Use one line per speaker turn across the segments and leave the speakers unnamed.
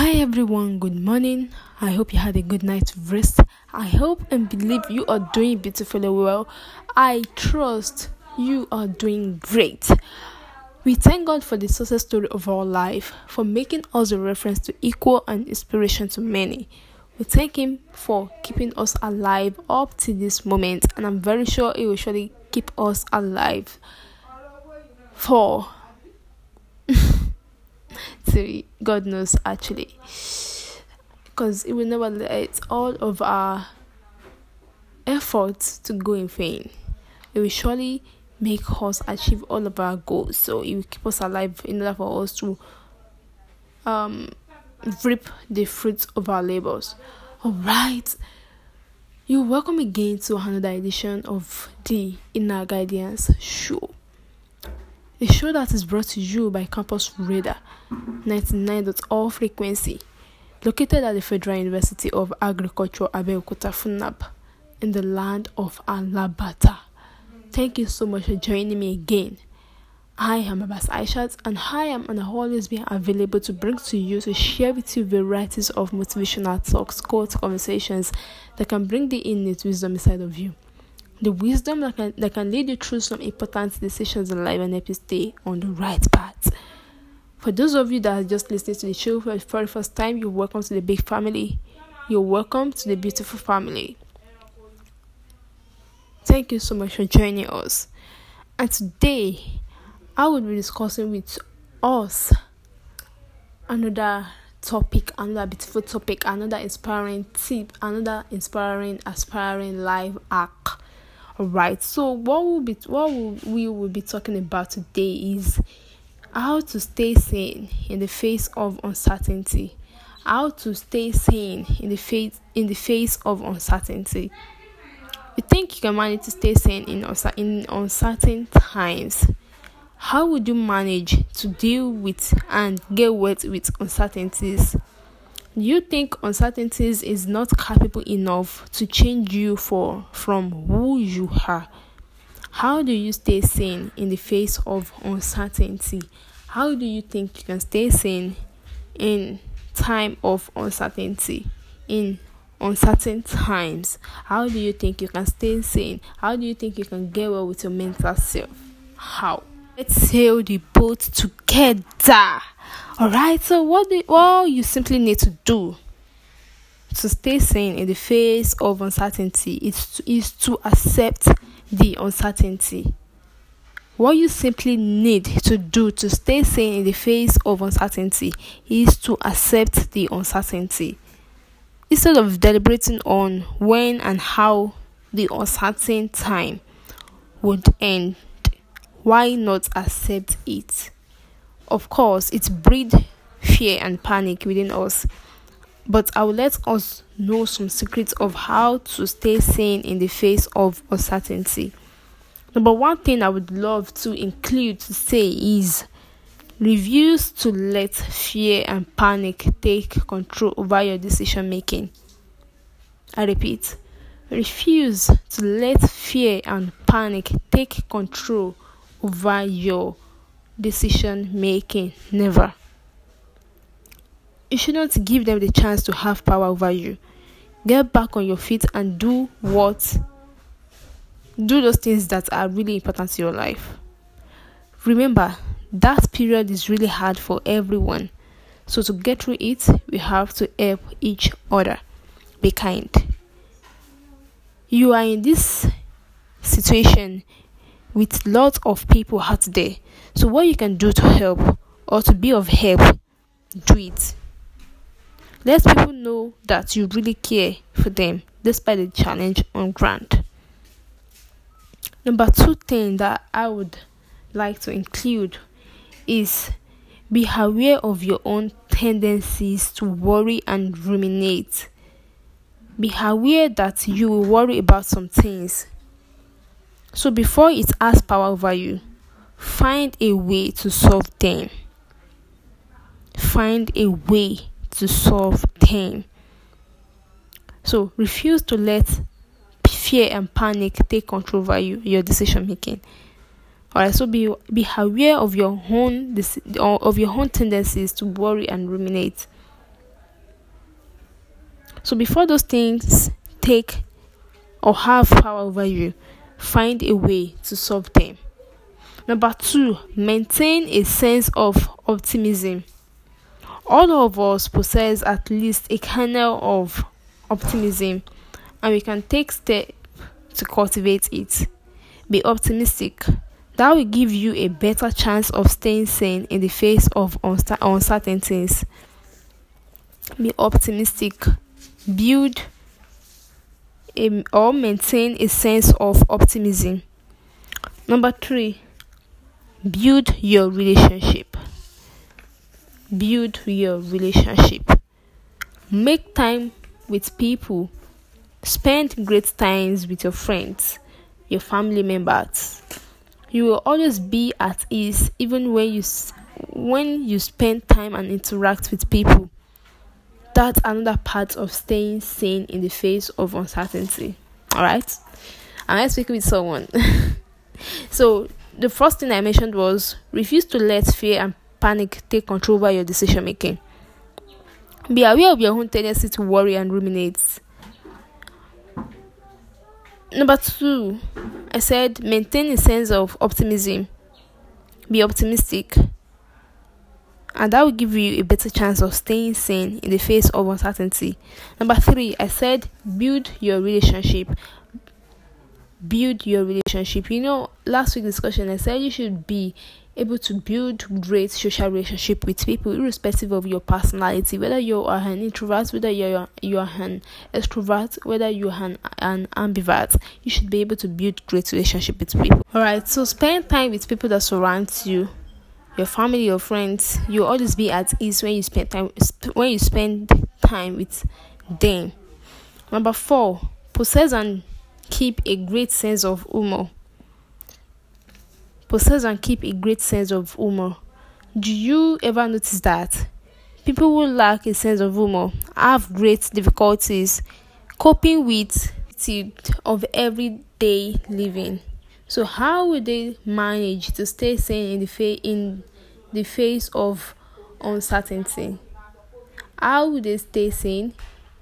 Hi everyone, good morning. I hope you had a good night's rest. I hope and believe you are doing beautifully well. I trust you are doing great. We thank God for the success story of our life, for making us a reference to equal and inspiration to many. We thank Him for keeping us alive up to this moment, and I'm very sure He will surely keep us alive for so God knows actually. Because He will never let all of our efforts to go in vain. It will surely make us achieve all of our goals. So it will keep us alive in order for us to um reap the fruits of our labors. Alright. You're welcome again to another edition of the Inner Guidance Show. A show that is brought to you by Campus Radar, 99.all frequency, located at the Federal University of Agriculture Abeokuta Funab in the land of Alabata. Thank you so much for joining me again. I am Abbas Aishat and I am and always be available to bring to you to share with you varieties of motivational talks, quotes, conversations that can bring the innate wisdom inside of you. The wisdom that can, that can lead you through some important decisions in life and help you stay on the right path. For those of you that are just listening to the show for the very first time, you're welcome to the big family. You're welcome to the beautiful family. Thank you so much for joining us. And today, I will be discussing with us another topic, another beautiful topic, another inspiring tip, another inspiring, aspiring life hack. Alright, so what will be what will, we will be talking about today is how to stay sane in the face of uncertainty. How to stay sane in the face in the face of uncertainty. You think you can manage to stay sane in, in uncertain times? How would you manage to deal with and get wet with uncertainties? Do you think uncertainties is not capable enough to change you for from who you are? How do you stay sane in the face of uncertainty? How do you think you can stay sane in time of uncertainty? In uncertain times, how do you think you can stay sane? How do you think you can get well with your mental self? How? Let's sail the boat together. All right. So what do all you simply need to do to stay sane in the face of uncertainty is to, is to accept the uncertainty. What you simply need to do to stay sane in the face of uncertainty is to accept the uncertainty. Instead of deliberating on when and how the uncertain time would end, why not accept it? Of course, it breeds fear and panic within us but I will let us know some secrets of how to stay sane in the face of uncertainty. Number one thing I would love to include to say is refuse to let fear and panic take control over your decision making. I repeat, refuse to let fear and panic take control over your decision making. Never. You shouldn't give them the chance to have power over you. Get back on your feet and do what do those things that are really important to your life. Remember, that period is really hard for everyone. So, to get through it, we have to help each other. Be kind. You are in this situation with lots of people out there. So, what you can do to help or to be of help, do it. Let people know that you really care for them despite the challenge on ground. Number two thing that I would like to include is be aware of your own tendencies to worry and ruminate. Be aware that you will worry about some things. So before it has power over you, find a way to solve them. Find a way to solve them. So refuse to let fear and panic take control over you, your decision making. Alright, so be be aware of your own of your own tendencies to worry and ruminate. So before those things take or have power over you, find a way to solve them. Number two, maintain a sense of optimism all of us possess at least a kernel of optimism and we can take steps to cultivate it. Be optimistic. That will give you a better chance of staying sane in the face of uncertainties. Be optimistic. Build a, or maintain a sense of optimism. Number three, build your relationship build your relationship. Make time with people. Spend great times with your friends, your family members. You will always be at ease even when you when you spend time and interact with people. That's another part of staying sane in the face of uncertainty. All right? And let's speak with someone. so, the first thing I mentioned was refuse to let fear and panic take control over your decision making. Be aware of your own tendency to worry and ruminate. Number two, I said maintain a sense of optimism. Be optimistic. And that will give you a better chance of staying sane in the face of uncertainty. Number three, I said build your relationship. Build your relationship. You know, last week discussion I said you should be able to build great social relationship with people, irrespective of your personality, whether you are an introvert, whether you are, you are an extrovert, whether you are an, an ambivert, you should be able to build great relationship with people. Alright, so spend time with people that surround you your family, your friends, you always be at ease when you spend time when you spend time with them. Number four, possess and keep a great sense of humor possess and keep a great sense of humor. Do you ever notice that? People who lack a sense of humor have great difficulties coping with the of everyday living. So how will they manage to stay sane in the fa- in the face of uncertainty? How will they stay sane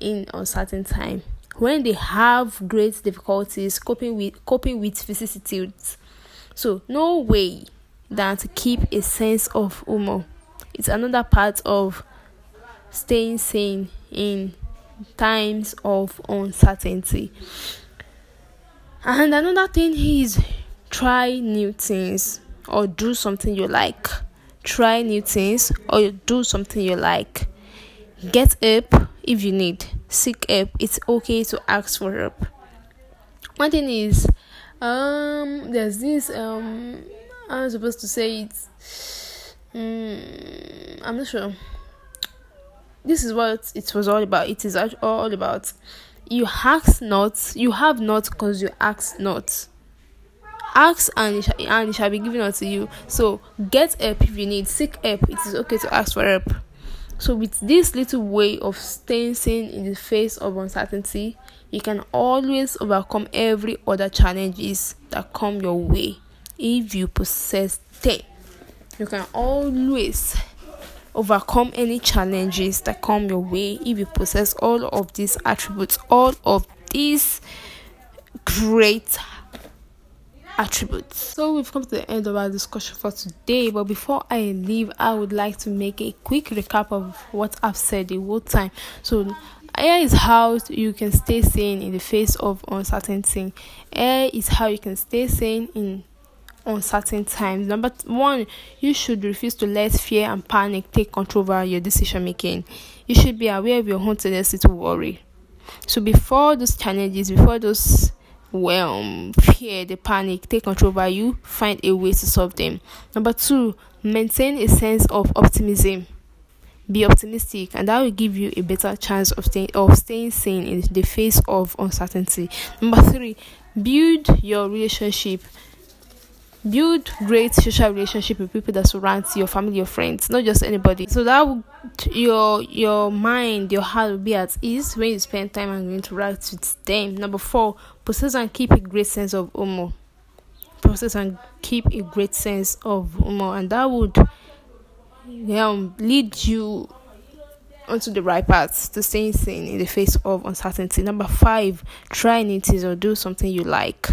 in uncertain time when they have great difficulties coping with coping with vicissitudes? So, no way than to keep a sense of humor. It's another part of staying sane in times of uncertainty. And another thing is try new things or do something you like. Try new things or do something you like. Get help if you need. Seek help. It's okay to ask for help. One thing is um there's this um i'm supposed to say it mm, i'm not sure this is what it was all about it is all about you ask not you have not because you ask not ask and it, shall, and it shall be given unto you so get help if you need seek help it is okay to ask for help so, with this little way of sane in the face of uncertainty, you can always overcome every other challenges that come your way if you possess ten, You can always overcome any challenges that come your way if you possess all of these attributes, all of these great attributes. So we've come to the end of our discussion for today, but before I leave, I would like to make a quick recap of what I've said the whole time. So Air is how you can stay sane in the face of uncertainty. Air is how you can stay sane in uncertain times. Number one, you should refuse to let fear and panic take control over your decision making. You should be aware of your own tendency to worry. So before those challenges, before those overwhelm, um, fear, the panic take control over you, find a way to solve them. Number two, maintain a sense of optimism. Be optimistic, and that will give you a better chance of, stay, of staying sane in the face of uncertainty. Number three, build your relationship build great social relationship with people that surrounds you, your family your friends not just anybody so that your your mind your heart will be at ease when you spend time and interact with them number four possess and keep a great sense of humor possess and keep a great sense of humor and that would um, lead you onto the right path to staying sane in the face of uncertainty number five try new things or do something you like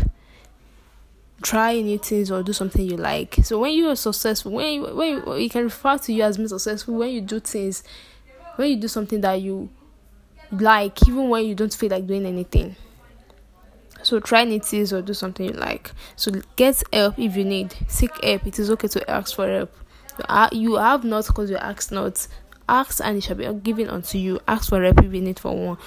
try new things or do something you like. So when you are successful, when you, when you, you can refer to you as being successful when you do things, when you do something that you like, even when you don't feel like doing anything. So try new things or do something you like. So get help if you need. Seek help. It is okay to ask for help. You have not because you ask not. Ask and it shall be given unto you. Ask for help if you need for one.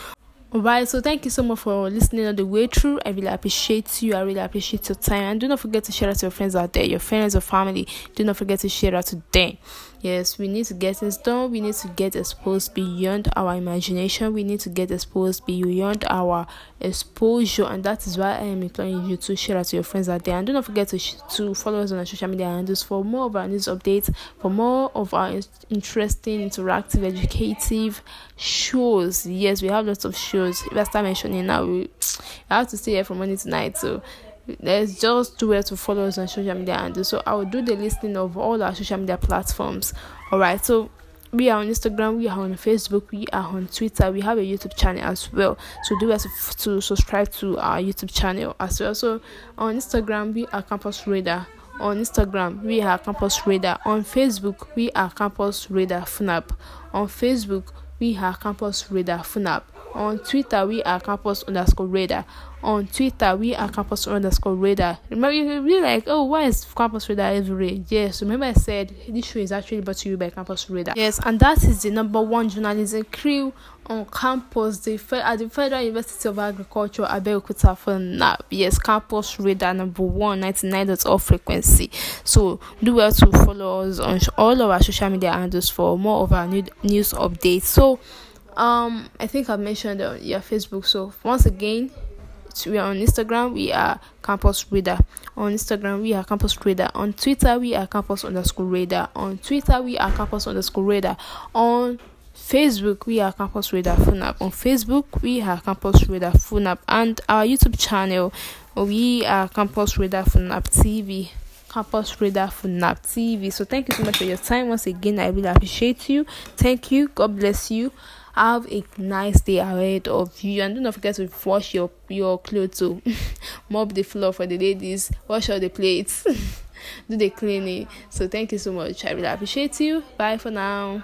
Alright, so thank you so much for listening all the way through. I really appreciate you. I really appreciate your time. And do not forget to share out to your friends out there, your friends or family. Do not forget to share that to them. Yes, we need to get things done. We need to get exposed beyond our imagination. We need to get exposed beyond our exposure, and that is why I am imploring you to share that to your friends out there. And do not forget to sh- to follow us on our social media handles for more of our news updates, for more of our in- interesting, interactive, educative shows. Yes, we have lots of shows. If I start mentioning now, we I have to stay here from morning night. So there's just two ways to follow us on social media and so I will do the listing of all our social media platforms. Alright, so we are on Instagram, we are on Facebook, we are on Twitter, we have a YouTube channel as well. So do us to subscribe to our YouTube channel as well. So on Instagram we are Campus Radar. On Instagram we are Campus Radar. On Facebook we are Campus Radar Funab. On Facebook we are Campus Radar Funab. On Twitter, we are campus underscore radar. On Twitter, we are campus underscore radar. Remember, you could be like, oh, why is campus radar everywhere? Yes, remember I said this show is actually brought to you by campus radar. Yes, and that is the number one journalism crew on campus the, at the Federal University of Agriculture, Abeokuta for now. Yes, campus radar number one, all frequency. So do well to follow us on all of our social media handles for more of our new, news updates. So um i think i mentioned on uh, your facebook so once again we are on instagram we are campus reader on instagram we are campus reader on twitter we are campus underscore reader on twitter we are campus underscore reader on facebook we are campus radar funab on facebook we are campus radar funab and our youtube channel we are campus radar funab tv campus radar funab tv so thank you so much for your time once again i really appreciate you thank you god bless you have a nice day ahead of you, and don't forget to wash your your clothes. to mop the floor for the ladies, wash all the plates, do the cleaning. So thank you so much. I really appreciate you. Bye for now.